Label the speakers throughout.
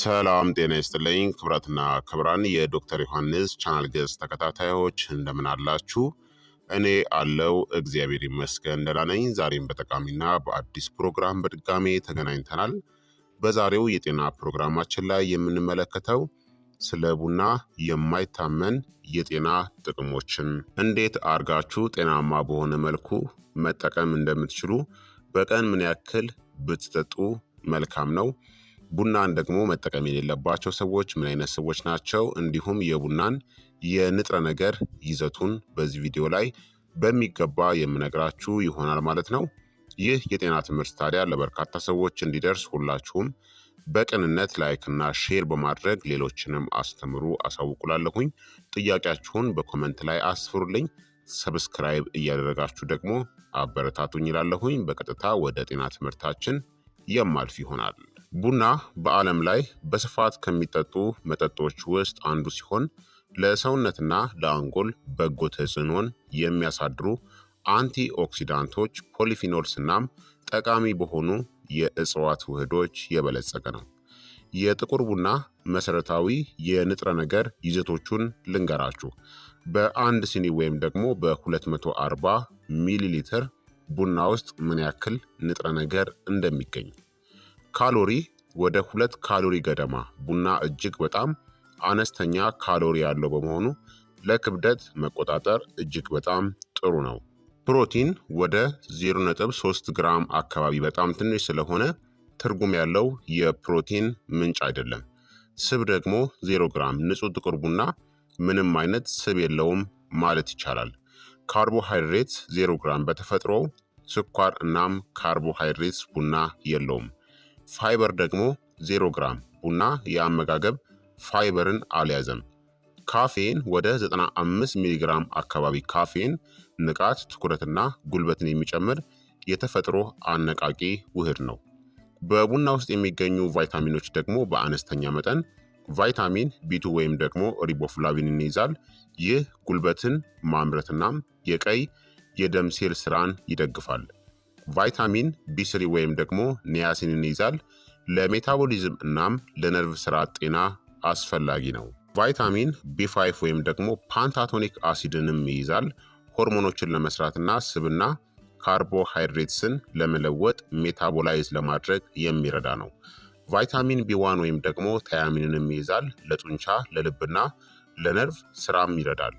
Speaker 1: ሰላም ጤና ይስጥልኝ ክብራትና ክብራን የዶክተር ዮሐንስ ቻናል ገጽ ተከታታዮች እንደምን አላችሁ? እኔ አለው እግዚአብሔር ይመስገን ደህና ነኝ። ዛሬም በጠቃሚና በአዲስ ፕሮግራም በድጋሜ ተገናኝተናል። በዛሬው የጤና ፕሮግራማችን ላይ የምንመለከተው ስለ ቡና የማይታመን የጤና ጥቅሞችን፣ እንዴት አርጋችሁ ጤናማ በሆነ መልኩ መጠቀም እንደምትችሉ፣ በቀን ምን ያክል ብትጠጡ መልካም ነው ቡናን ደግሞ መጠቀም የሌለባቸው ሰዎች ምን አይነት ሰዎች ናቸው፣ እንዲሁም የቡናን የንጥረ ነገር ይዘቱን በዚህ ቪዲዮ ላይ በሚገባ የምነግራችሁ ይሆናል ማለት ነው። ይህ የጤና ትምህርት ታዲያ ለበርካታ ሰዎች እንዲደርስ ሁላችሁም በቅንነት ላይክና ሼር በማድረግ ሌሎችንም አስተምሩ። አሳውቁላለሁኝ ጥያቄያችሁን በኮመንት ላይ አስፍሩልኝ። ሰብስክራይብ እያደረጋችሁ ደግሞ አበረታቱኝ ይላለሁኝ። በቀጥታ ወደ ጤና ትምህርታችን የማልፍ ይሆናል። ቡና በዓለም ላይ በስፋት ከሚጠጡ መጠጦች ውስጥ አንዱ ሲሆን ለሰውነትና ለአንጎል በጎ ተጽዕኖን የሚያሳድሩ አንቲ ኦክሲዳንቶች፣ ፖሊፊኖልስ እናም ጠቃሚ በሆኑ የእጽዋት ውህዶች የበለጸገ ነው። የጥቁር ቡና መሰረታዊ የንጥረ ነገር ይዘቶቹን ልንገራችሁ። በአንድ ሲኒ ወይም ደግሞ በ240 ሚሊ ሊትር ቡና ውስጥ ምን ያክል ንጥረ ነገር እንደሚገኝ ካሎሪ ወደ ሁለት ካሎሪ ገደማ። ቡና እጅግ በጣም አነስተኛ ካሎሪ ያለው በመሆኑ ለክብደት መቆጣጠር እጅግ በጣም ጥሩ ነው። ፕሮቲን ወደ 0.3 ግራም አካባቢ በጣም ትንሽ ስለሆነ ትርጉም ያለው የፕሮቲን ምንጭ አይደለም። ስብ ደግሞ 0 ግራም፣ ንጹህ ጥቁር ቡና ምንም አይነት ስብ የለውም ማለት ይቻላል። ካርቦሃይድሬት 0 ግራም፣ በተፈጥሮው ስኳር እናም ካርቦሃይድሬትስ ቡና የለውም። ፋይበር ደግሞ 0 ግራም። ቡና የአመጋገብ ፋይበርን አልያዘም። ካፌን ወደ 95 ሚሊግራም አካባቢ ካፌን ንቃት፣ ትኩረትና ጉልበትን የሚጨምር የተፈጥሮ አነቃቂ ውህድ ነው። በቡና ውስጥ የሚገኙ ቫይታሚኖች ደግሞ በአነስተኛ መጠን ቫይታሚን ቢቱ ወይም ደግሞ ሪቦፍላቪንን ይይዛል። ይህ ጉልበትን ማምረትናም የቀይ የደም ሴል ስራን ይደግፋል። ቫይታሚን ቢስሪ ወይም ደግሞ ኒያሲንን ይዛል። ለሜታቦሊዝም እናም ለነርቭ ስራ ጤና አስፈላጊ ነው። ቫይታሚን ቢ5 ወይም ደግሞ ፓንታቶኒክ አሲድንም ይይዛል። ሆርሞኖችን ለመስራትና ስብና ካርቦሃይድሬትስን ለመለወጥ ሜታቦላይዝ ለማድረግ የሚረዳ ነው። ቫይታሚን ቢ1 ወይም ደግሞ ታያሚንንም ይይዛል። ለጡንቻ ለልብና ለነርቭ ስራም ይረዳል።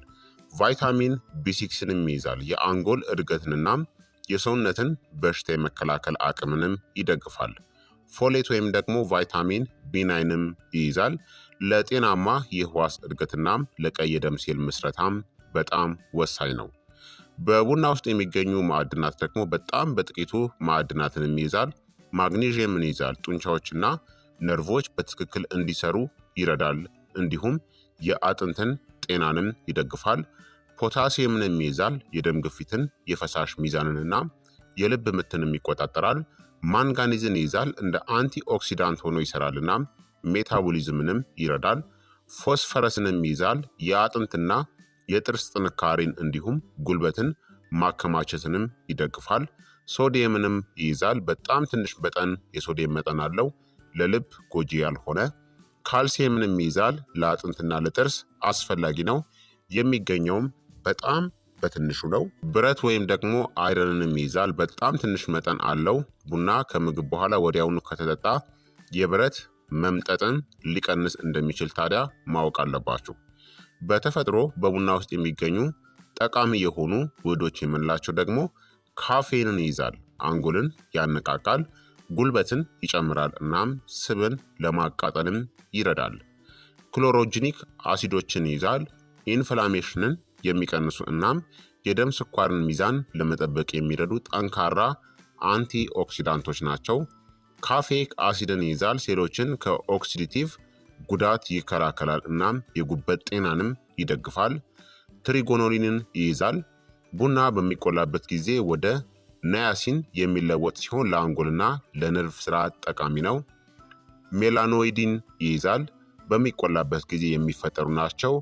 Speaker 1: ቫይታሚን ቢ6ንም ይይዛል። የአንጎል እድገትንናም የሰውነትን በሽታ የመከላከል አቅምንም ይደግፋል። ፎሌት ወይም ደግሞ ቫይታሚን ቢናይንም ይይዛል። ለጤናማ የህዋስ እድገትናም ለቀይ ደም ሴል ምስረታም በጣም ወሳኝ ነው። በቡና ውስጥ የሚገኙ ማዕድናት ደግሞ በጣም በጥቂቱ ማዕድናትንም ይይዛል። ማግኔዥየምን ይይዛል። ጡንቻዎችና ነርቮች በትክክል እንዲሰሩ ይረዳል። እንዲሁም የአጥንትን ጤናንም ይደግፋል። ፖታሲየምንም ይይዛል። የደም ግፊትን፣ የፈሳሽ ሚዛንንና የልብ ምትንም ይቆጣጠራል። ማንጋኒዝን ይይዛል። እንደ አንቲኦክሲዳንት ሆኖ ይሰራልና ሜታቦሊዝምንም ይረዳል። ፎስፈረስንም ይይዛል። የአጥንትና የጥርስ ጥንካሬን እንዲሁም ጉልበትን ማከማቸትንም ይደግፋል። ሶዲየምንም ይይዛል። በጣም ትንሽ መጠን የሶዲየም መጠን አለው። ለልብ ጎጂ ያልሆነ ካልሲየምንም ይይዛል። ለአጥንትና ለጥርስ አስፈላጊ ነው። የሚገኘውም በጣም በትንሹ ነው። ብረት ወይም ደግሞ አይረንንም ይይዛል። በጣም ትንሽ መጠን አለው። ቡና ከምግብ በኋላ ወዲያውኑ ከተጠጣ የብረት መምጠጥን ሊቀንስ እንደሚችል ታዲያ ማወቅ አለባችሁ። በተፈጥሮ በቡና ውስጥ የሚገኙ ጠቃሚ የሆኑ ውህዶች የምንላቸው ደግሞ ካፌንን ይይዛል። አንጎልን ያነቃቃል፣ ጉልበትን ይጨምራል፣ እናም ስብን ለማቃጠልም ይረዳል። ክሎሮጂኒክ አሲዶችን ይይዛል፣ ኢንፍላሜሽንን የሚቀንሱ እናም የደም ስኳርን ሚዛን ለመጠበቅ የሚረዱ ጠንካራ አንቲ ኦክሲዳንቶች ናቸው። ካፌክ አሲድን ይይዛል፣ ሴሎችን ከኦክሲዲቲቭ ጉዳት ይከላከላል እናም የጉበት ጤናንም ይደግፋል። ትሪጎኖሊንን ይይዛል። ቡና በሚቆላበት ጊዜ ወደ ናያሲን የሚለወጥ ሲሆን ለአንጎልና ለነርቭ ስርዓት ጠቃሚ ነው። ሜላኖይዲን ይይዛል። በሚቆላበት ጊዜ የሚፈጠሩ ናቸው።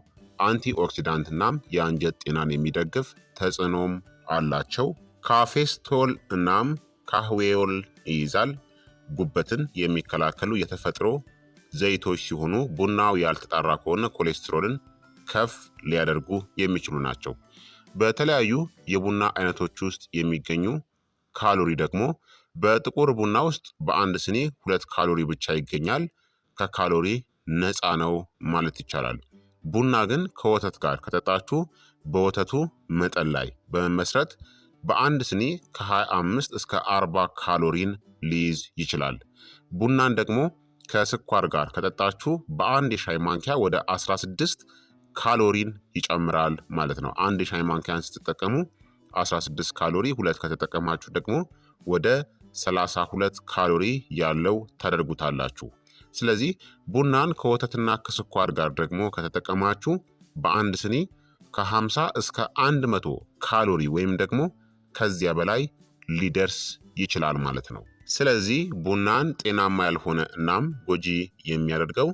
Speaker 1: አንቲ ኦክሲዳንትና የአንጀት ጤናን የሚደግፍ ተጽዕኖም አላቸው። ካፌስቶል እናም ካህዌዮል ይይዛል። ጉበትን የሚከላከሉ የተፈጥሮ ዘይቶች ሲሆኑ ቡናው ያልተጣራ ከሆነ ኮሌስትሮልን ከፍ ሊያደርጉ የሚችሉ ናቸው። በተለያዩ የቡና አይነቶች ውስጥ የሚገኙ ካሎሪ ደግሞ በጥቁር ቡና ውስጥ በአንድ ስኒ ሁለት ካሎሪ ብቻ ይገኛል። ከካሎሪ ነፃ ነው ማለት ይቻላል። ቡና ግን ከወተት ጋር ከጠጣችሁ በወተቱ መጠን ላይ በመመስረት በአንድ ስኒ ከ25 እስከ 40 ካሎሪን ሊይዝ ይችላል። ቡናን ደግሞ ከስኳር ጋር ከጠጣችሁ በአንድ የሻይ ማንኪያ ወደ 16 ካሎሪን ይጨምራል ማለት ነው። አንድ የሻይ ማንኪያን ስትጠቀሙ 16 ካሎሪ፣ ሁለት ከተጠቀማችሁ ደግሞ ወደ 32 ካሎሪ ያለው ታደርጉታላችሁ። ስለዚህ ቡናን ከወተትና ከስኳር ጋር ደግሞ ከተጠቀማችሁ በአንድ ስኒ ከ50 እስከ 100 ካሎሪ ወይም ደግሞ ከዚያ በላይ ሊደርስ ይችላል ማለት ነው። ስለዚህ ቡናን ጤናማ ያልሆነ እናም ጎጂ የሚያደርገው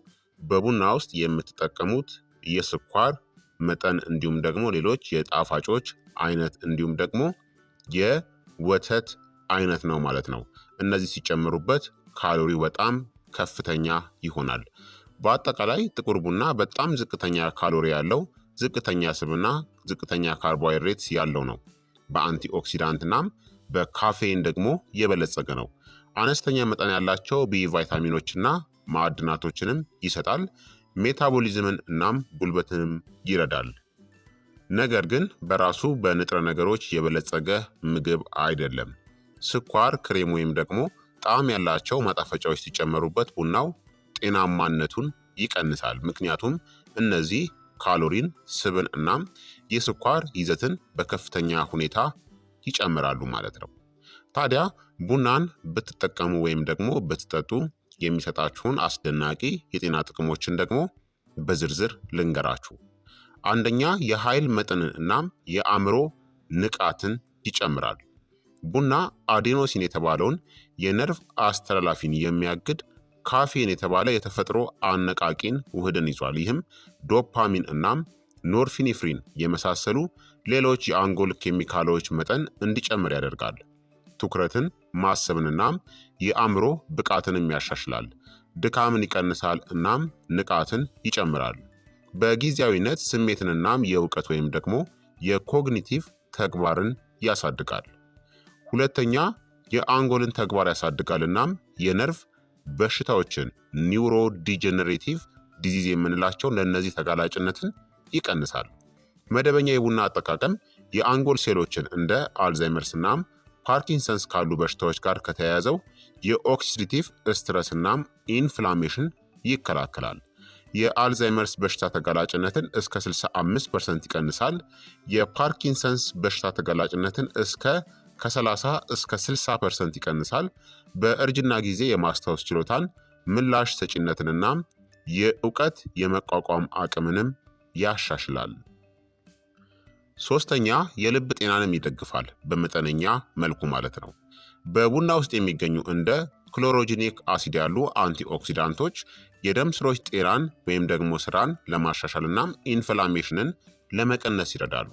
Speaker 1: በቡና ውስጥ የምትጠቀሙት የስኳር መጠን እንዲሁም ደግሞ ሌሎች የጣፋጮች አይነት እንዲሁም ደግሞ የወተት አይነት ነው ማለት ነው። እነዚህ ሲጨምሩበት ካሎሪው በጣም ከፍተኛ ይሆናል። በአጠቃላይ ጥቁር ቡና በጣም ዝቅተኛ ካሎሪ ያለው፣ ዝቅተኛ ስብና ዝቅተኛ ካርቦሃይድሬት ያለው ነው። በአንቲኦክሲዳንትናም በካፌን ደግሞ የበለጸገ ነው። አነስተኛ መጠን ያላቸው ቢ ቫይታሚኖችና ማዕድናቶችንም ይሰጣል። ሜታቦሊዝምን እናም ጉልበትንም ይረዳል። ነገር ግን በራሱ በንጥረ ነገሮች የበለጸገ ምግብ አይደለም። ስኳር፣ ክሬም ወይም ደግሞ ጣዕም ያላቸው ማጣፈጫዎች ሲጨመሩበት ቡናው ጤናማነቱን ይቀንሳል። ምክንያቱም እነዚህ ካሎሪን፣ ስብን እናም የስኳር ይዘትን በከፍተኛ ሁኔታ ይጨምራሉ ማለት ነው። ታዲያ ቡናን ብትጠቀሙ ወይም ደግሞ ብትጠጡ የሚሰጣችሁን አስደናቂ የጤና ጥቅሞችን ደግሞ በዝርዝር ልንገራችሁ። አንደኛ የኃይል መጠንን እናም የአእምሮ ንቃትን ይጨምራል። ቡና አዴኖሲን የተባለውን የነርቭ አስተላላፊን የሚያግድ ካፌን የተባለ የተፈጥሮ አነቃቂን ውህድን ይዟል። ይህም ዶፓሚን እናም ኖርፊኒፍሪን የመሳሰሉ ሌሎች የአንጎል ኬሚካሎች መጠን እንዲጨምር ያደርጋል። ትኩረትን ማሰብን እናም የአእምሮ ብቃትንም ያሻሽላል። ድካምን ይቀንሳል እናም ንቃትን ይጨምራል። በጊዜያዊነት ስሜትንናም የእውቀት ወይም ደግሞ የኮግኒቲቭ ተግባርን ያሳድጋል። ሁለተኛ የአንጎልን ተግባር ያሳድጋል። እናም የነርቭ በሽታዎችን ኒውሮ ዲጀነሬቲቭ ዲዚዝ የምንላቸውን ለእነዚህ ተጋላጭነትን ይቀንሳል። መደበኛ የቡና አጠቃቀም የአንጎል ሴሎችን እንደ አልዛይመርስ እናም ፓርኪንሰንስ ካሉ በሽታዎች ጋር ከተያያዘው የኦክሲዲቲቭ ስትረስ እናም ኢንፍላሜሽን ይከላከላል። የአልዛይመርስ በሽታ ተጋላጭነትን እስከ 65 ፐርሰንት ይቀንሳል። የፓርኪንሰንስ በሽታ ተጋላጭነትን እስከ ከ30 እስከ 60 ፐርሰንት ይቀንሳል። በእርጅና ጊዜ የማስታወስ ችሎታን፣ ምላሽ ሰጪነትንና የእውቀት የመቋቋም አቅምንም ያሻሽላል። ሶስተኛ የልብ ጤናንም ይደግፋል፣ በመጠነኛ መልኩ ማለት ነው። በቡና ውስጥ የሚገኙ እንደ ክሎሮጂኒክ አሲድ ያሉ አንቲኦክሲዳንቶች የደም ስሮች ጤናን ወይም ደግሞ ስራን ለማሻሻልና ኢንፍላሜሽንን ለመቀነስ ይረዳሉ።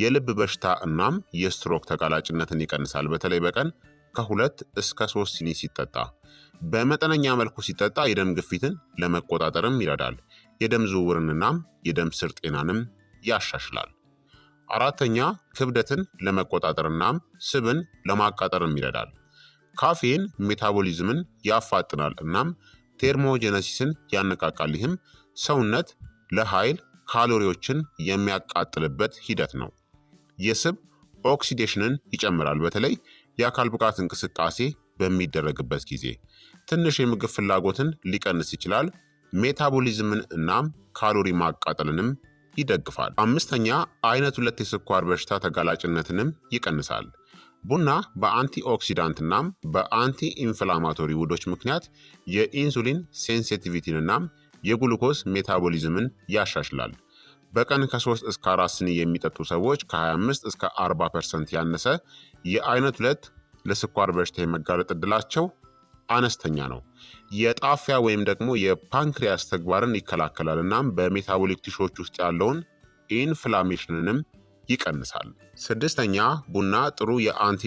Speaker 1: የልብ በሽታ እናም የስትሮክ ተጋላጭነትን ይቀንሳል። በተለይ በቀን ከሁለት እስከ ሶስት ሲኒ ሲጠጣ በመጠነኛ መልኩ ሲጠጣ የደም ግፊትን ለመቆጣጠርም ይረዳል። የደም ዝውውርንናም የደም ስር ጤናንም ያሻሽላል። አራተኛ ክብደትን ለመቆጣጠርናም ስብን ለማቃጠርም ይረዳል። ካፌን ሜታቦሊዝምን ያፋጥናል እናም ቴርሞጀነሲስን ያነቃቃል። ይህም ሰውነት ለኃይል ካሎሪዎችን የሚያቃጥልበት ሂደት ነው። የስብ ኦክሲዴሽንን ይጨምራል። በተለይ የአካል ብቃት እንቅስቃሴ በሚደረግበት ጊዜ ትንሽ የምግብ ፍላጎትን ሊቀንስ ይችላል። ሜታቦሊዝምን እናም ካሎሪ ማቃጠልንም ይደግፋል። አምስተኛ አይነት ሁለት የስኳር በሽታ ተጋላጭነትንም ይቀንሳል። ቡና በአንቲ ኦክሲዳንት እናም በአንቲ ኢንፍላማቶሪ ውዶች ምክንያት የኢንሱሊን ሴንሲቲቪቲን እናም የግሉኮስ ሜታቦሊዝምን ያሻሽላል። በቀን ከ3 እስከ 4 ስኒ የሚጠጡ ሰዎች ከ25 እስከ 40 ፐርሰንት ያነሰ የአይነት ሁለት ለስኳር በሽታ የመጋለጥ ዕድላቸው አነስተኛ ነው። የጣፊያ ወይም ደግሞ የፓንክሪያስ ተግባርን ይከላከላል እናም በሜታቦሊክ ቲሾች ውስጥ ያለውን ኢንፍላሜሽንንም ይቀንሳል። ስድስተኛ ቡና ጥሩ የአንቲ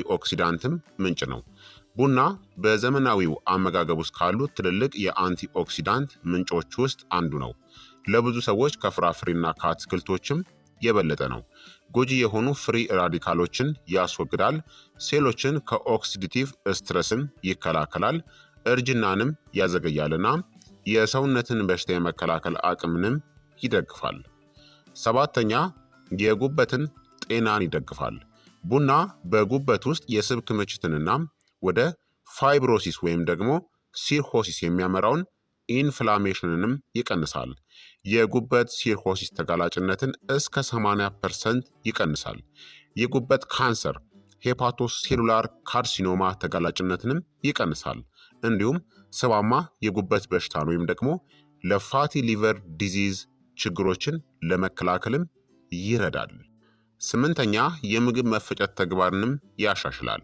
Speaker 1: ምንጭ ነው። ቡና በዘመናዊው አመጋገብ ውስጥ ካሉት ትልልቅ የአንቲ ኦክሲዳንት ምንጮች ውስጥ አንዱ ነው። ለብዙ ሰዎች ከፍራፍሬና ከአትክልቶችም የበለጠ ነው። ጎጂ የሆኑ ፍሪ ራዲካሎችን ያስወግዳል። ሴሎችን ከኦክሲዲቲቭ ስትረስም ይከላከላል። እርጅናንም ያዘገያልና የሰውነትን በሽታ የመከላከል አቅምንም ይደግፋል። ሰባተኛ የጉበትን ጤናን ይደግፋል። ቡና በጉበት ውስጥ የስብ ክምችትንና ወደ ፋይብሮሲስ ወይም ደግሞ ሲርሆሲስ የሚያመራውን ኢንፍላሜሽንንም ይቀንሳል። የጉበት ሲርኮሲስ ተጋላጭነትን እስከ 80 ፐርሰንት ይቀንሳል። የጉበት ካንሰር ሄፓቶስ ሴሉላር ካርሲኖማ ተጋላጭነትንም ይቀንሳል። እንዲሁም ስባማ የጉበት በሽታን ወይም ደግሞ ለፋቲ ሊቨር ዲዚዝ ችግሮችን ለመከላከልም ይረዳል። ስምንተኛ የምግብ መፈጨት ተግባርንም ያሻሽላል።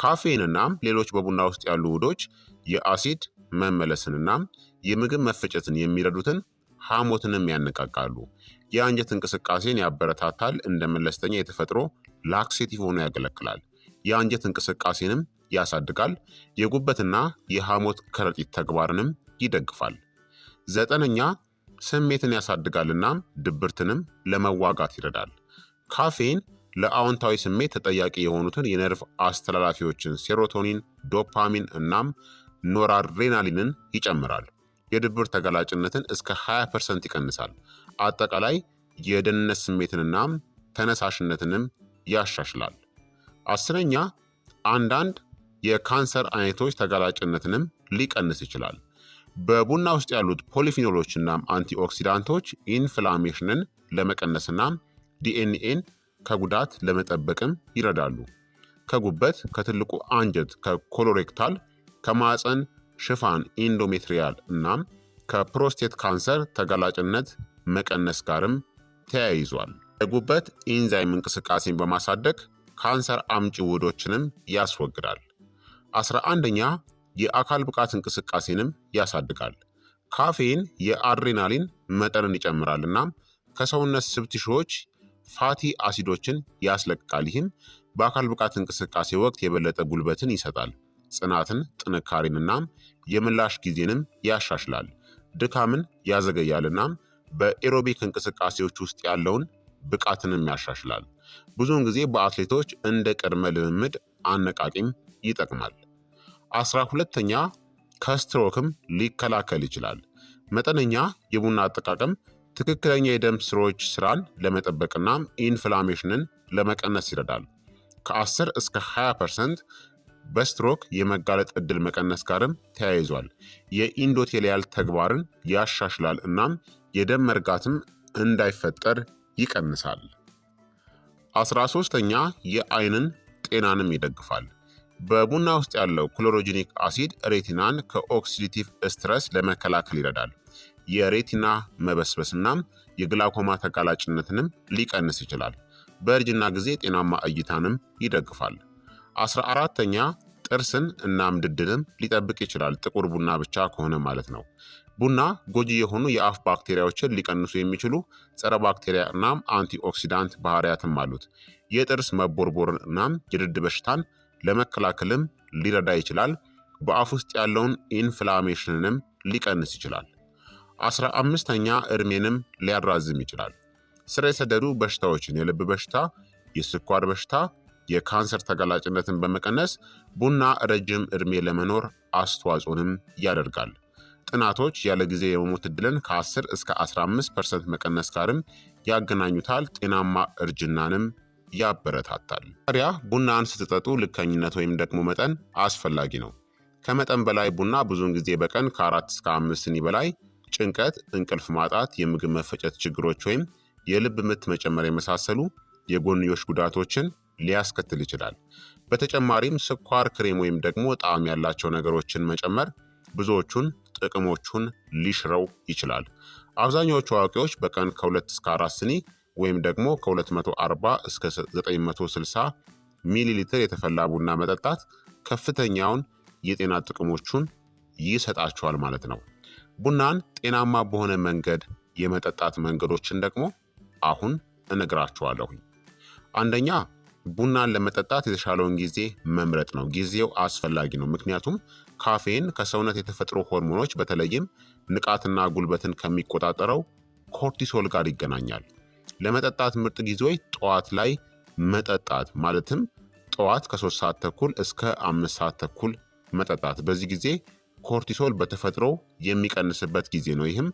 Speaker 1: ካፌንናም ሌሎች በቡና ውስጥ ያሉ ውህዶች የአሲድ መመለስንና የምግብ መፈጨትን የሚረዱትን ሐሞትንም ያነቃቃሉ። የአንጀት እንቅስቃሴን ያበረታታል። እንደ መለስተኛ የተፈጥሮ ላክሴቲቭ ሆኖ ያገለግላል። የአንጀት እንቅስቃሴንም ያሳድጋል። የጉበትና የሐሞት ከረጢት ተግባርንም ይደግፋል። ዘጠነኛ ስሜትን ያሳድጋልና ድብርትንም ለመዋጋት ይረዳል። ካፌን ለአዎንታዊ ስሜት ተጠያቂ የሆኑትን የነርቭ አስተላላፊዎችን ሴሮቶኒን፣ ዶፓሚን እናም ኖራድሬናሊንን ይጨምራል። የድብር ተጋላጭነትን እስከ 20 ፐርሰንት ይቀንሳል። አጠቃላይ የደህንነት ስሜትንናም ተነሳሽነትንም ያሻሽላል። አስረኛ አንዳንድ የካንሰር አይነቶች ተጋላጭነትንም ሊቀንስ ይችላል። በቡና ውስጥ ያሉት ፖሊፊኖሎችናም አንቲኦክሲዳንቶች ኢንፍላሜሽንን ለመቀነስና ዲኤንኤን ከጉዳት ለመጠበቅም ይረዳሉ። ከጉበት፣ ከትልቁ አንጀት፣ ከኮሎሬክታል፣ ከማፀን ሽፋን ኢንዶሜትሪያል እናም ከፕሮስቴት ካንሰር ተጋላጭነት መቀነስ ጋርም ተያይዟል። የጉበት ኢንዛይም እንቅስቃሴን በማሳደግ ካንሰር አምጪ ውህዶችንም ያስወግዳል። አስራ አንደኛ የአካል ብቃት እንቅስቃሴንም ያሳድጋል። ካፌን የአድሬናሊን መጠንን ይጨምራል እናም ከሰውነት ስብ ፋቲ አሲዶችን ያስለቅቃል። ይህም በአካል ብቃት እንቅስቃሴ ወቅት የበለጠ ጉልበትን ይሰጣል። ጽናትን፣ ጥንካሬንና የምላሽ ጊዜንም ያሻሽላል። ድካምን ያዘገያልና በኤሮቢክ እንቅስቃሴዎች ውስጥ ያለውን ብቃትንም ያሻሽላል። ብዙውን ጊዜ በአትሌቶች እንደ ቅድመ ልምምድ አነቃቂም ይጠቅማል። አስራ ሁለተኛ ከስትሮክም ሊከላከል ይችላል። መጠነኛ የቡና አጠቃቀም ትክክለኛ የደም ስሮች ስራን ለመጠበቅና ኢንፍላሜሽንን ለመቀነስ ይረዳል። ከ10 እስከ 20 ፐርሰንት በስትሮክ የመጋለጥ እድል መቀነስ ጋርም ተያይዟል። የኢንዶቴሊያል ተግባርን ያሻሽላል እናም የደም መርጋትም እንዳይፈጠር ይቀንሳል። አስራ ሶስተኛ የአይንን ጤናንም ይደግፋል። በቡና ውስጥ ያለው ክሎሮጂኒክ አሲድ ሬቲናን ከኦክሲዲቲቭ ስትረስ ለመከላከል ይረዳል። የሬቲና መበስበስና የግላኮማ ተጋላጭነትንም ሊቀንስ ይችላል። በእርጅና ጊዜ ጤናማ እይታንም ይደግፋል። አስራ አራተኛ ጥርስን እና ምድድንም ሊጠብቅ ይችላል ጥቁር ቡና ብቻ ከሆነ ማለት ነው። ቡና ጎጂ የሆኑ የአፍ ባክቴሪያዎችን ሊቀንሱ የሚችሉ ጸረ ባክቴሪያ እናም አንቲኦክሲዳንት ባህሪያትም አሉት። የጥርስ መቦርቦርን እናም የድድ በሽታን ለመከላከልም ሊረዳ ይችላል። በአፍ ውስጥ ያለውን ኢንፍላሜሽንንም ሊቀንስ ይችላል። አስራ አምስተኛ እድሜንም ሊያራዝም ይችላል። ስር የሰደዱ በሽታዎችን የልብ በሽታ፣ የስኳር በሽታ የካንሰር ተጋላጭነትን በመቀነስ ቡና ረጅም ዕድሜ ለመኖር አስተዋጽኦንም ያደርጋል። ጥናቶች ያለ ጊዜ የመሞት ዕድልን ከ10 እስከ 15 ፐርሰንት መቀነስ ጋርም ያገናኙታል። ጤናማ እርጅናንም ያበረታታል። ታዲያ ቡናን ስትጠጡ ልከኝነት ወይም ደግሞ መጠን አስፈላጊ ነው። ከመጠን በላይ ቡና ብዙውን ጊዜ በቀን ከአራት እስከ አምስት ስኒ በላይ ጭንቀት፣ እንቅልፍ ማጣት፣ የምግብ መፈጨት ችግሮች ወይም የልብ ምት መጨመር የመሳሰሉ የጎንዮሽ ጉዳቶችን ሊያስከትል ይችላል። በተጨማሪም ስኳር፣ ክሬም ወይም ደግሞ ጣዕም ያላቸው ነገሮችን መጨመር ብዙዎቹን ጥቅሞቹን ሊሽረው ይችላል። አብዛኛዎቹ አዋቂዎች በቀን ከ2 እስከ 4 ስኒ ወይም ደግሞ ከ240 እስከ 960 ሚሊ ሊትር የተፈላ ቡና መጠጣት ከፍተኛውን የጤና ጥቅሞቹን ይሰጣቸዋል ማለት ነው። ቡናን ጤናማ በሆነ መንገድ የመጠጣት መንገዶችን ደግሞ አሁን እነግራችኋለሁኝ። አንደኛ ቡናን ለመጠጣት የተሻለውን ጊዜ መምረጥ ነው። ጊዜው አስፈላጊ ነው። ምክንያቱም ካፌን ከሰውነት የተፈጥሮ ሆርሞኖች በተለይም ንቃትና ጉልበትን ከሚቆጣጠረው ኮርቲሶል ጋር ይገናኛል። ለመጠጣት ምርጥ ጊዜዎች ጠዋት ላይ መጠጣት ማለትም ጠዋት ከሶስት ሰዓት ተኩል እስከ አምስት ሰዓት ተኩል መጠጣት። በዚህ ጊዜ ኮርቲሶል በተፈጥሮ የሚቀንስበት ጊዜ ነው። ይህም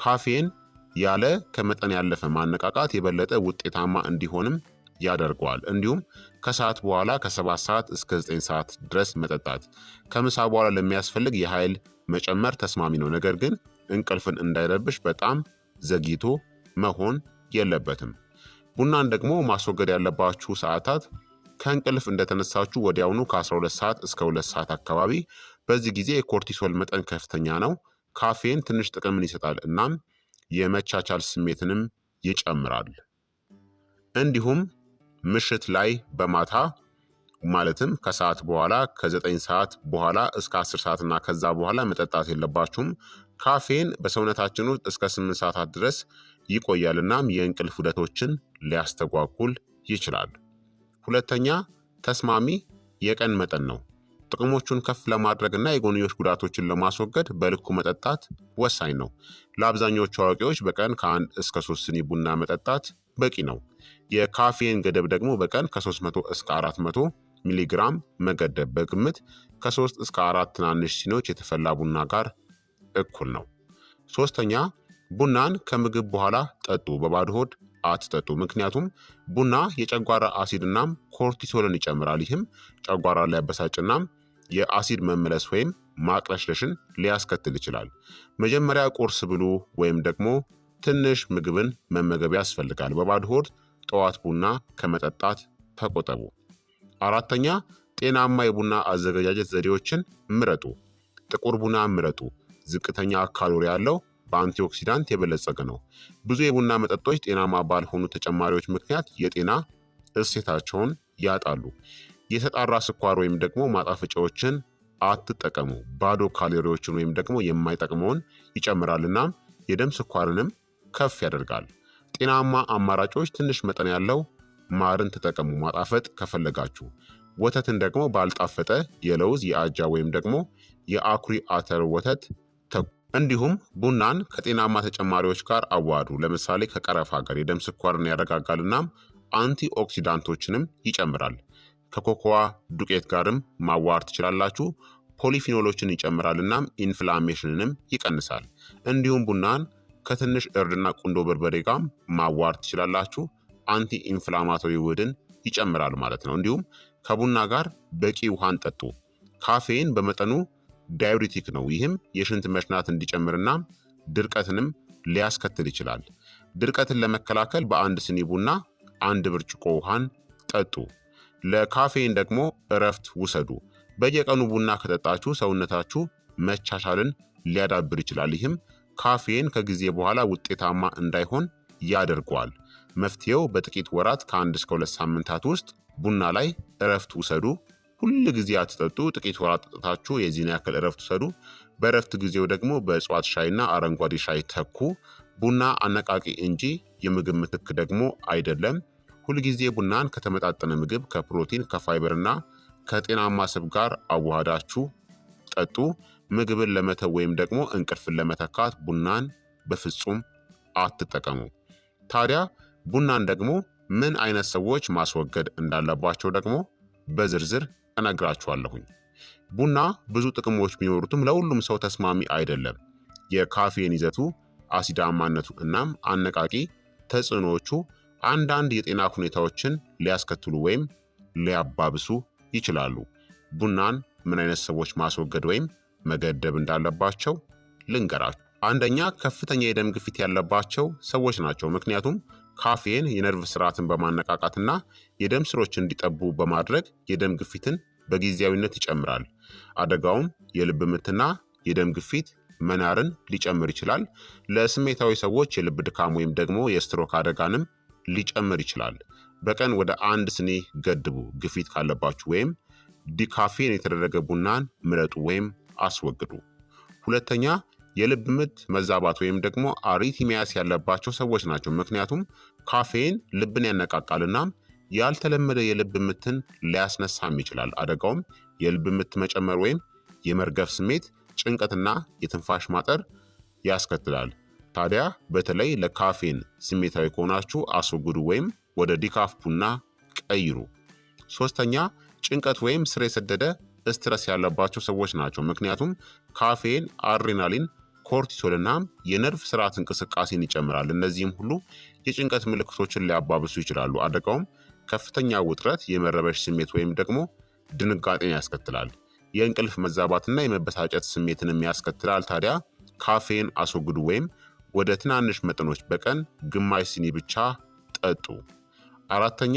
Speaker 1: ካፌን ያለ ከመጠን ያለፈ ማነቃቃት የበለጠ ውጤታማ እንዲሆንም ያደርገዋል። እንዲሁም ከሰዓት በኋላ ከሰ7 ሰዓት እስከ ዘጠኝ ሰዓት ድረስ መጠጣት ከምሳ በኋላ ለሚያስፈልግ የኃይል መጨመር ተስማሚ ነው። ነገር ግን እንቅልፍን እንዳይረብሽ በጣም ዘግይቶ መሆን የለበትም። ቡናን ደግሞ ማስወገድ ያለባችሁ ሰዓታት ከእንቅልፍ እንደተነሳችሁ ወዲያውኑ ከ12 ሰዓት እስከ 2 ሰዓት አካባቢ። በዚህ ጊዜ የኮርቲሶል መጠን ከፍተኛ ነው። ካፌን ትንሽ ጥቅምን ይሰጣል፣ እናም የመቻቻል ስሜትንም ይጨምራል። እንዲሁም ምሽት ላይ በማታ ማለትም ከሰዓት በኋላ ከዘጠኝ ሰዓት በኋላ እስከ አስር ሰዓትና ከዛ በኋላ መጠጣት የለባችሁም። ካፌን በሰውነታችን ውስጥ እስከ ስምንት ሰዓታት ድረስ ይቆያል እናም የእንቅልፍ ውደቶችን ሊያስተጓጉል ይችላል። ሁለተኛ ተስማሚ የቀን መጠን ነው። ጥቅሞቹን ከፍ ለማድረግ እና የጎንዮሽ ጉዳቶችን ለማስወገድ በልኩ መጠጣት ወሳኝ ነው። ለአብዛኞቹ አዋቂዎች በቀን ከአንድ እስከ ሶስት ስኒ ቡና መጠጣት በቂ ነው። የካፌን ገደብ ደግሞ በቀን ከ300 እስከ 400 ሚሊግራም መገደብ በግምት ከ3 እስከ 4 ትናንሽ ሲኒዎች የተፈላ ቡና ጋር እኩል ነው። ሶስተኛ ቡናን ከምግብ በኋላ ጠጡ። በባዶ ሆድ አትጠጡ። ምክንያቱም ቡና የጨጓራ አሲድናም ኮርቲሶልን ይጨምራል። ይህም ጨጓራ ሊያበሳጭናም የአሲድ መመለስ ወይም ማቅለሽለሽን ሊያስከትል ይችላል። መጀመሪያ ቁርስ ብሉ ወይም ደግሞ ትንሽ ምግብን መመገብ ያስፈልጋል። በባዶ ሆድ ጠዋት ቡና ከመጠጣት ተቆጠቡ። አራተኛ ጤናማ የቡና አዘገጃጀት ዘዴዎችን ምረጡ። ጥቁር ቡና ምረጡ። ዝቅተኛ ካሎሪ ያለው በአንቲኦክሲዳንት የበለጸገ ነው። ብዙ የቡና መጠጦች ጤናማ ባልሆኑ ተጨማሪዎች ምክንያት የጤና እሴታቸውን ያጣሉ። የተጣራ ስኳር ወይም ደግሞ ማጣፈጫዎችን አትጠቀሙ። ባዶ ካሎሪዎችን ወይም ደግሞ የማይጠቅመውን ይጨምራል የደም ስኳርንም ከፍ ያደርጋል። ጤናማ አማራጮች ትንሽ መጠን ያለው ማርን ተጠቀሙ ማጣፈጥ ከፈለጋችሁ። ወተትን ደግሞ ባልጣፈጠ የለውዝ የአጃ ወይም ደግሞ የአኩሪ አተር ወተት ተጉ። እንዲሁም ቡናን ከጤናማ ተጨማሪዎች ጋር አዋዱ። ለምሳሌ ከቀረፋ ጋር የደም ስኳርን ያረጋጋል እናም አንቲ ኦክሲዳንቶችንም ይጨምራል። ከኮኮዋ ዱቄት ጋርም ማዋሃድ ትችላላችሁ። ፖሊፊኖሎችን ይጨምራል እናም ኢንፍላሜሽንንም ይቀንሳል። እንዲሁም ቡናን ከትንሽ እርድና ቁንዶ በርበሬ ጋር ማዋር ትችላላችሁ። አንቲ ኢንፍላማቶሪ ውህድን ይጨምራል ማለት ነው። እንዲሁም ከቡና ጋር በቂ ውሃን ጠጡ። ካፌን በመጠኑ ዳዩሪቲክ ነው። ይህም የሽንት መሽናት እንዲጨምርና ድርቀትንም ሊያስከትል ይችላል። ድርቀትን ለመከላከል በአንድ ስኒ ቡና አንድ ብርጭቆ ውሃን ጠጡ። ለካፌን ደግሞ እረፍት ውሰዱ። በየቀኑ ቡና ከጠጣችሁ ሰውነታችሁ መቻቻልን ሊያዳብር ይችላል። ይህም ካፌን ከጊዜ በኋላ ውጤታማ እንዳይሆን ያደርገዋል። መፍትሄው በጥቂት ወራት ከአንድ እስከ ሁለት ሳምንታት ውስጥ ቡና ላይ እረፍት ውሰዱ። ሁል ጊዜ አትጠጡ። ጥቂት ወራት ጠጥታችሁ የዚህን ያክል እረፍት ውሰዱ። በእረፍት ጊዜው ደግሞ በእጽዋት ሻይና አረንጓዴ ሻይ ተኩ። ቡና አነቃቂ እንጂ የምግብ ምትክ ደግሞ አይደለም። ሁልጊዜ ቡናን ከተመጣጠነ ምግብ ከፕሮቲን ከፋይበርና ከጤናማ ስብ ጋር አዋህዳችሁ ጠጡ። ምግብን ለመተው ወይም ደግሞ እንቅልፍን ለመተካት ቡናን በፍጹም አትጠቀሙ። ታዲያ ቡናን ደግሞ ምን አይነት ሰዎች ማስወገድ እንዳለባቸው ደግሞ በዝርዝር እነግራችኋለሁኝ። ቡና ብዙ ጥቅሞች ቢኖሩትም ለሁሉም ሰው ተስማሚ አይደለም። የካፌን ይዘቱ፣ አሲዳማነቱ እናም አነቃቂ ተጽዕኖዎቹ አንዳንድ የጤና ሁኔታዎችን ሊያስከትሉ ወይም ሊያባብሱ ይችላሉ። ቡናን ምን አይነት ሰዎች ማስወገድ ወይም መገደብ እንዳለባቸው ልንገራችሁ። አንደኛ ከፍተኛ የደም ግፊት ያለባቸው ሰዎች ናቸው። ምክንያቱም ካፌን የነርቭ ስርዓትን በማነቃቃትና የደም ስሮች እንዲጠቡ በማድረግ የደም ግፊትን በጊዜያዊነት ይጨምራል። አደጋውም የልብ ምትና የደም ግፊት መናርን ሊጨምር ይችላል። ለስሜታዊ ሰዎች የልብ ድካም ወይም ደግሞ የስትሮክ አደጋንም ሊጨምር ይችላል። በቀን ወደ አንድ ስኒ ገድቡ። ግፊት ካለባችሁ ወይም ዲካፌን የተደረገ ቡናን ምረጡ ወይም አስወግዱ። ሁለተኛ የልብ ምት መዛባት ወይም ደግሞ አሪቲሚያስ ያለባቸው ሰዎች ናቸው። ምክንያቱም ካፌን ልብን ያነቃቃል እናም ያልተለመደ የልብ ምትን ሊያስነሳም ይችላል። አደጋውም የልብ ምት መጨመር ወይም የመርገፍ ስሜት፣ ጭንቀትና የትንፋሽ ማጠር ያስከትላል። ታዲያ በተለይ ለካፌን ስሜታዊ ከሆናችሁ አስወግዱ ወይም ወደ ዲካፍ ቡና ቀይሩ። ሶስተኛ ጭንቀት ወይም ስር የሰደደ ስትረስ ያለባቸው ሰዎች ናቸው። ምክንያቱም ካፌን፣ አድሬናሊን፣ ኮርቲሶል እናም የነርቭ ስርዓት እንቅስቃሴን ይጨምራል። እነዚህም ሁሉ የጭንቀት ምልክቶችን ሊያባብሱ ይችላሉ። አደጋውም ከፍተኛ ውጥረት፣ የመረበሽ ስሜት ወይም ደግሞ ድንጋጤን ያስከትላል። የእንቅልፍ መዛባትና የመበሳጨት ስሜትንም ያስከትላል። ታዲያ ካፌን አስወግዱ ወይም ወደ ትናንሽ መጠኖች በቀን ግማሽ ሲኒ ብቻ ጠጡ። አራተኛ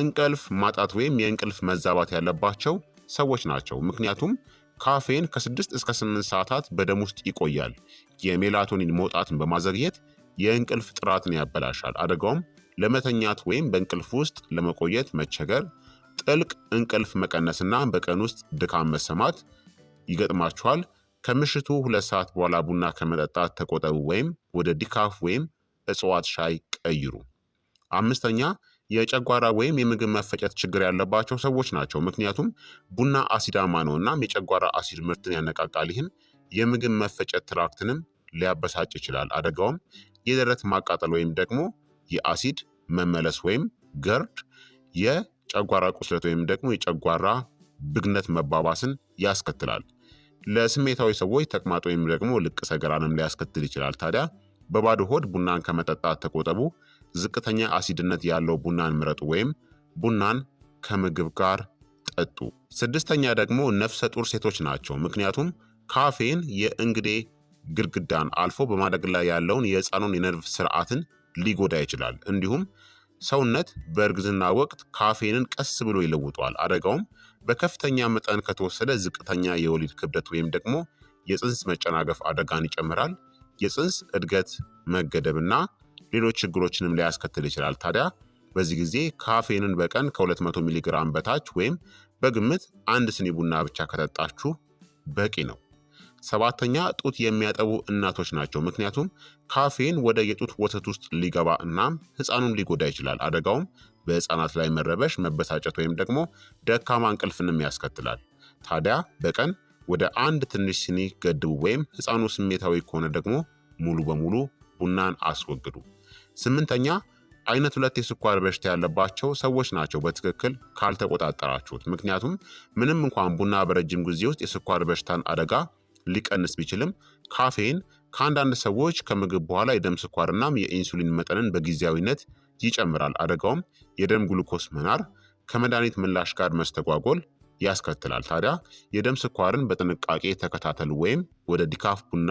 Speaker 1: እንቅልፍ ማጣት ወይም የእንቅልፍ መዛባት ያለባቸው ሰዎች ናቸው። ምክንያቱም ካፌን ከ6 እስከ 8 ሰዓታት በደም ውስጥ ይቆያል። የሜላቶኒን መውጣትን በማዘግየት የእንቅልፍ ጥራትን ያበላሻል። አደጋውም ለመተኛት ወይም በእንቅልፍ ውስጥ ለመቆየት መቸገር፣ ጥልቅ እንቅልፍ መቀነስና በቀን ውስጥ ድካም መሰማት ይገጥማችኋል። ከምሽቱ ሁለት ሰዓት በኋላ ቡና ከመጠጣት ተቆጠቡ ወይም ወደ ዲካፍ ወይም እጽዋት ሻይ ቀይሩ። አምስተኛ የጨጓራ ወይም የምግብ መፈጨት ችግር ያለባቸው ሰዎች ናቸው። ምክንያቱም ቡና አሲዳማ ነው እናም የጨጓራ አሲድ ምርትን ያነቃቃል። ይህም የምግብ መፈጨት ትራክትንም ሊያበሳጭ ይችላል። አደጋውም የደረት ማቃጠል ወይም ደግሞ የአሲድ መመለስ ወይም ገርድ፣ የጨጓራ ቁስለት ወይም ደግሞ የጨጓራ ብግነት መባባስን ያስከትላል። ለስሜታዊ ሰዎች ተቅማጥ ወይም ደግሞ ልቅ ሰገራንም ሊያስከትል ይችላል። ታዲያ በባዶ ሆድ ቡናን ከመጠጣት ተቆጠቡ። ዝቅተኛ አሲድነት ያለው ቡናን ምረጡ ወይም ቡናን ከምግብ ጋር ጠጡ። ስድስተኛ ደግሞ ነፍሰ ጡር ሴቶች ናቸው። ምክንያቱም ካፌን የእንግዴ ግድግዳን አልፎ በማደግ ላይ ያለውን የህፃኑን የነርቭ ስርዓትን ሊጎዳ ይችላል። እንዲሁም ሰውነት በእርግዝና ወቅት ካፌንን ቀስ ብሎ ይለውጠዋል። አደጋውም በከፍተኛ መጠን ከተወሰደ ዝቅተኛ የወሊድ ክብደት ወይም ደግሞ የፅንስ መጨናገፍ አደጋን ይጨምራል። የፅንስ እድገት መገደብና ሌሎች ችግሮችንም ሊያስከትል ይችላል። ታዲያ በዚህ ጊዜ ካፌንን በቀን ከ200 ሚሊግራም በታች ወይም በግምት አንድ ስኒ ቡና ብቻ ከጠጣችሁ በቂ ነው። ሰባተኛ ጡት የሚያጠቡ እናቶች ናቸው። ምክንያቱም ካፌን ወደ የጡት ወተት ውስጥ ሊገባ እናም ህፃኑን ሊጎዳ ይችላል። አደጋውም በህፃናት ላይ መረበሽ፣ መበሳጨት ወይም ደግሞ ደካማ እንቅልፍንም ያስከትላል። ታዲያ በቀን ወደ አንድ ትንሽ ስኒ ገድቡ፣ ወይም ህፃኑ ስሜታዊ ከሆነ ደግሞ ሙሉ በሙሉ ቡናን አስወግዱ። ስምንተኛ አይነት ሁለት የስኳር በሽታ ያለባቸው ሰዎች ናቸው በትክክል ካልተቆጣጠራችሁት። ምክንያቱም ምንም እንኳን ቡና በረጅም ጊዜ ውስጥ የስኳር በሽታን አደጋ ሊቀንስ ቢችልም ካፌን ከአንዳንድ ሰዎች ከምግብ በኋላ የደም ስኳርናም የኢንሱሊን መጠንን በጊዜያዊነት ይጨምራል። አደጋውም የደም ግሉኮስ መናር ከመድኃኒት ምላሽ ጋር መስተጓጎል ያስከትላል። ታዲያ የደም ስኳርን በጥንቃቄ ተከታተሉ ወይም ወደ ዲካፍ ቡና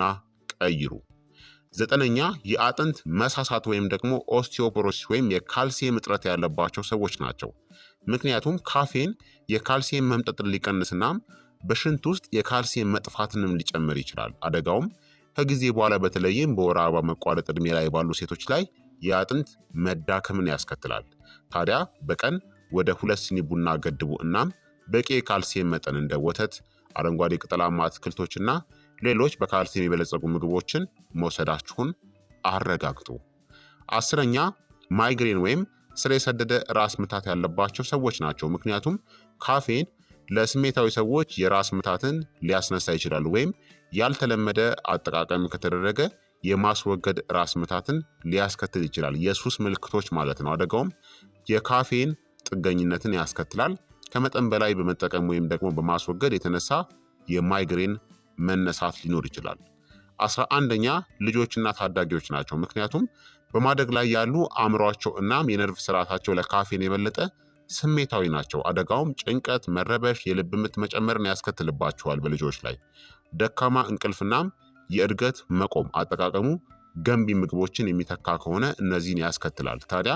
Speaker 1: ቀይሩ። ዘጠነኛ የአጥንት መሳሳት ወይም ደግሞ ኦስቲዮፖሮሲስ ወይም የካልሲየም እጥረት ያለባቸው ሰዎች ናቸው። ምክንያቱም ካፌን የካልሲየም መምጠጥን ሊቀንስና በሽንት ውስጥ የካልሲየም መጥፋትንም ሊጨምር ይችላል። አደጋውም ከጊዜ በኋላ በተለይም በወር አበባ መቋረጥ እድሜ ላይ ባሉ ሴቶች ላይ የአጥንት መዳከምን ያስከትላል። ታዲያ በቀን ወደ ሁለት ስኒ ቡና ገድቡ። እናም በቂ የካልሲየም መጠን እንደ ወተት፣ አረንጓዴ ቅጠላማ አትክልቶችና ሌሎች በካልሲየም የበለጸጉ ምግቦችን መውሰዳችሁን አረጋግጡ። አስረኛ ማይግሬን ወይም ስር የሰደደ ራስ ምታት ያለባቸው ሰዎች ናቸው። ምክንያቱም ካፌን ለስሜታዊ ሰዎች የራስ ምታትን ሊያስነሳ ይችላል ወይም ያልተለመደ አጠቃቀም ከተደረገ የማስወገድ ራስ ምታትን ሊያስከትል ይችላል። የሱስ ምልክቶች ማለት ነው። አደጋውም የካፌን ጥገኝነትን ያስከትላል። ከመጠን በላይ በመጠቀም ወይም ደግሞ በማስወገድ የተነሳ የማይግሬን መነሳት ሊኖር ይችላል። አስራ አንደኛ ልጆችና ታዳጊዎች ናቸው። ምክንያቱም በማደግ ላይ ያሉ አእምሯቸው እናም የነርቭ ስርዓታቸው ለካፌን የበለጠ ስሜታዊ ናቸው። አደጋውም ጭንቀት፣ መረበሽ፣ የልብ ምት መጨመርን ያስከትልባቸዋል። በልጆች ላይ ደካማ እንቅልፍናም የእድገት መቆም አጠቃቀሙ ገንቢ ምግቦችን የሚተካ ከሆነ እነዚህን ያስከትላል። ታዲያ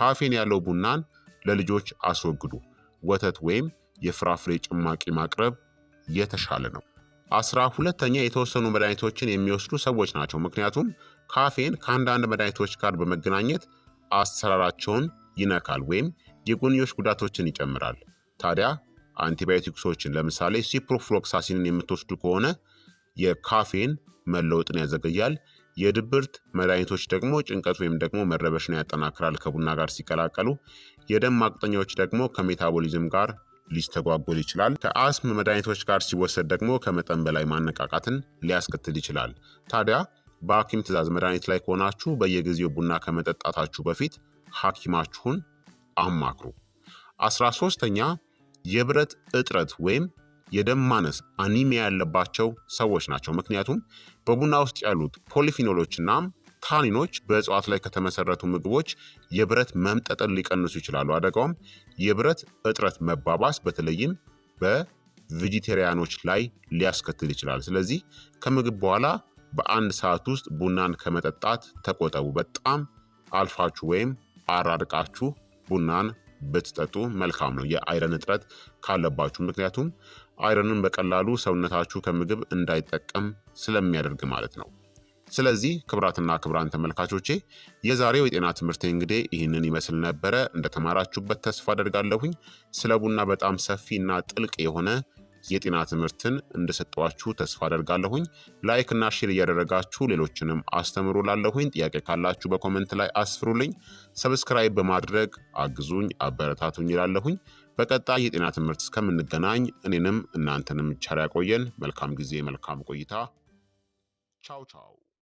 Speaker 1: ካፌን ያለው ቡናን ለልጆች አስወግዱ። ወተት ወይም የፍራፍሬ ጭማቂ ማቅረብ የተሻለ ነው። አስራ ሁለተኛ የተወሰኑ መድኃኒቶችን የሚወስዱ ሰዎች ናቸው። ምክንያቱም ካፌን ከአንዳንድ መድኃኒቶች ጋር በመገናኘት አሰራራቸውን ይነካል ወይም የጎንዮሽ ጉዳቶችን ይጨምራል። ታዲያ አንቲባዮቲክሶችን ለምሳሌ ሲፕሮፍሎክሳሲንን የምትወስዱ ከሆነ የካፌን መለወጥን ያዘገያል። የድብርት መድኃኒቶች ደግሞ ጭንቀት ወይም ደግሞ መረበሽን ያጠናክራል ከቡና ጋር ሲቀላቀሉ። የደም ማቅጠኛዎች ደግሞ ከሜታቦሊዝም ጋር ሊስተጓጎል ይችላል። ከአስም መድኃኒቶች ጋር ሲወሰድ ደግሞ ከመጠን በላይ ማነቃቃትን ሊያስከትል ይችላል። ታዲያ በሐኪም ትዕዛዝ መድኃኒት ላይ ከሆናችሁ በየጊዜው ቡና ከመጠጣታችሁ በፊት ሐኪማችሁን አማክሩ። አስራ ሶስተኛ የብረት እጥረት ወይም የደም ማነስ አኒሚያ ያለባቸው ሰዎች ናቸው። ምክንያቱም በቡና ውስጥ ያሉት ፖሊፊኖሎችናም ታኒኖች በእጽዋት ላይ ከተመሰረቱ ምግቦች የብረት መምጠጥን ሊቀንሱ ይችላሉ። አደጋውም የብረት እጥረት መባባስ በተለይም በቬጂቴሪያኖች ላይ ሊያስከትል ይችላል። ስለዚህ ከምግብ በኋላ በአንድ ሰዓት ውስጥ ቡናን ከመጠጣት ተቆጠቡ። በጣም አልፋችሁ ወይም አራርቃችሁ ቡናን ብትጠጡ መልካም ነው፣ የአይረን እጥረት ካለባችሁ። ምክንያቱም አይረንን በቀላሉ ሰውነታችሁ ከምግብ እንዳይጠቀም ስለሚያደርግ ማለት ነው። ስለዚህ ክብራትና ክብራን ተመልካቾቼ የዛሬው የጤና ትምህርቴ እንግዲህ ይህንን ይመስል ነበረ። እንደተማራችሁበት ተስፋ አደርጋለሁኝ። ስለ ቡና በጣም ሰፊና ጥልቅ የሆነ የጤና ትምህርትን እንደሰጠዋችሁ ተስፋ አደርጋለሁኝ። ላይክና ሼር እያደረጋችሁ ሌሎችንም አስተምሩ ላለሁኝ። ጥያቄ ካላችሁ በኮመንት ላይ አስፍሩልኝ። ሰብስክራይብ በማድረግ አግዙኝ፣ አበረታቱኝ ይላለሁኝ። በቀጣይ የጤና ትምህርት እስከምንገናኝ እኔንም እናንተንም ቸር ያቆየን። መልካም ጊዜ፣ መልካም ቆይታ። ቻው ቻው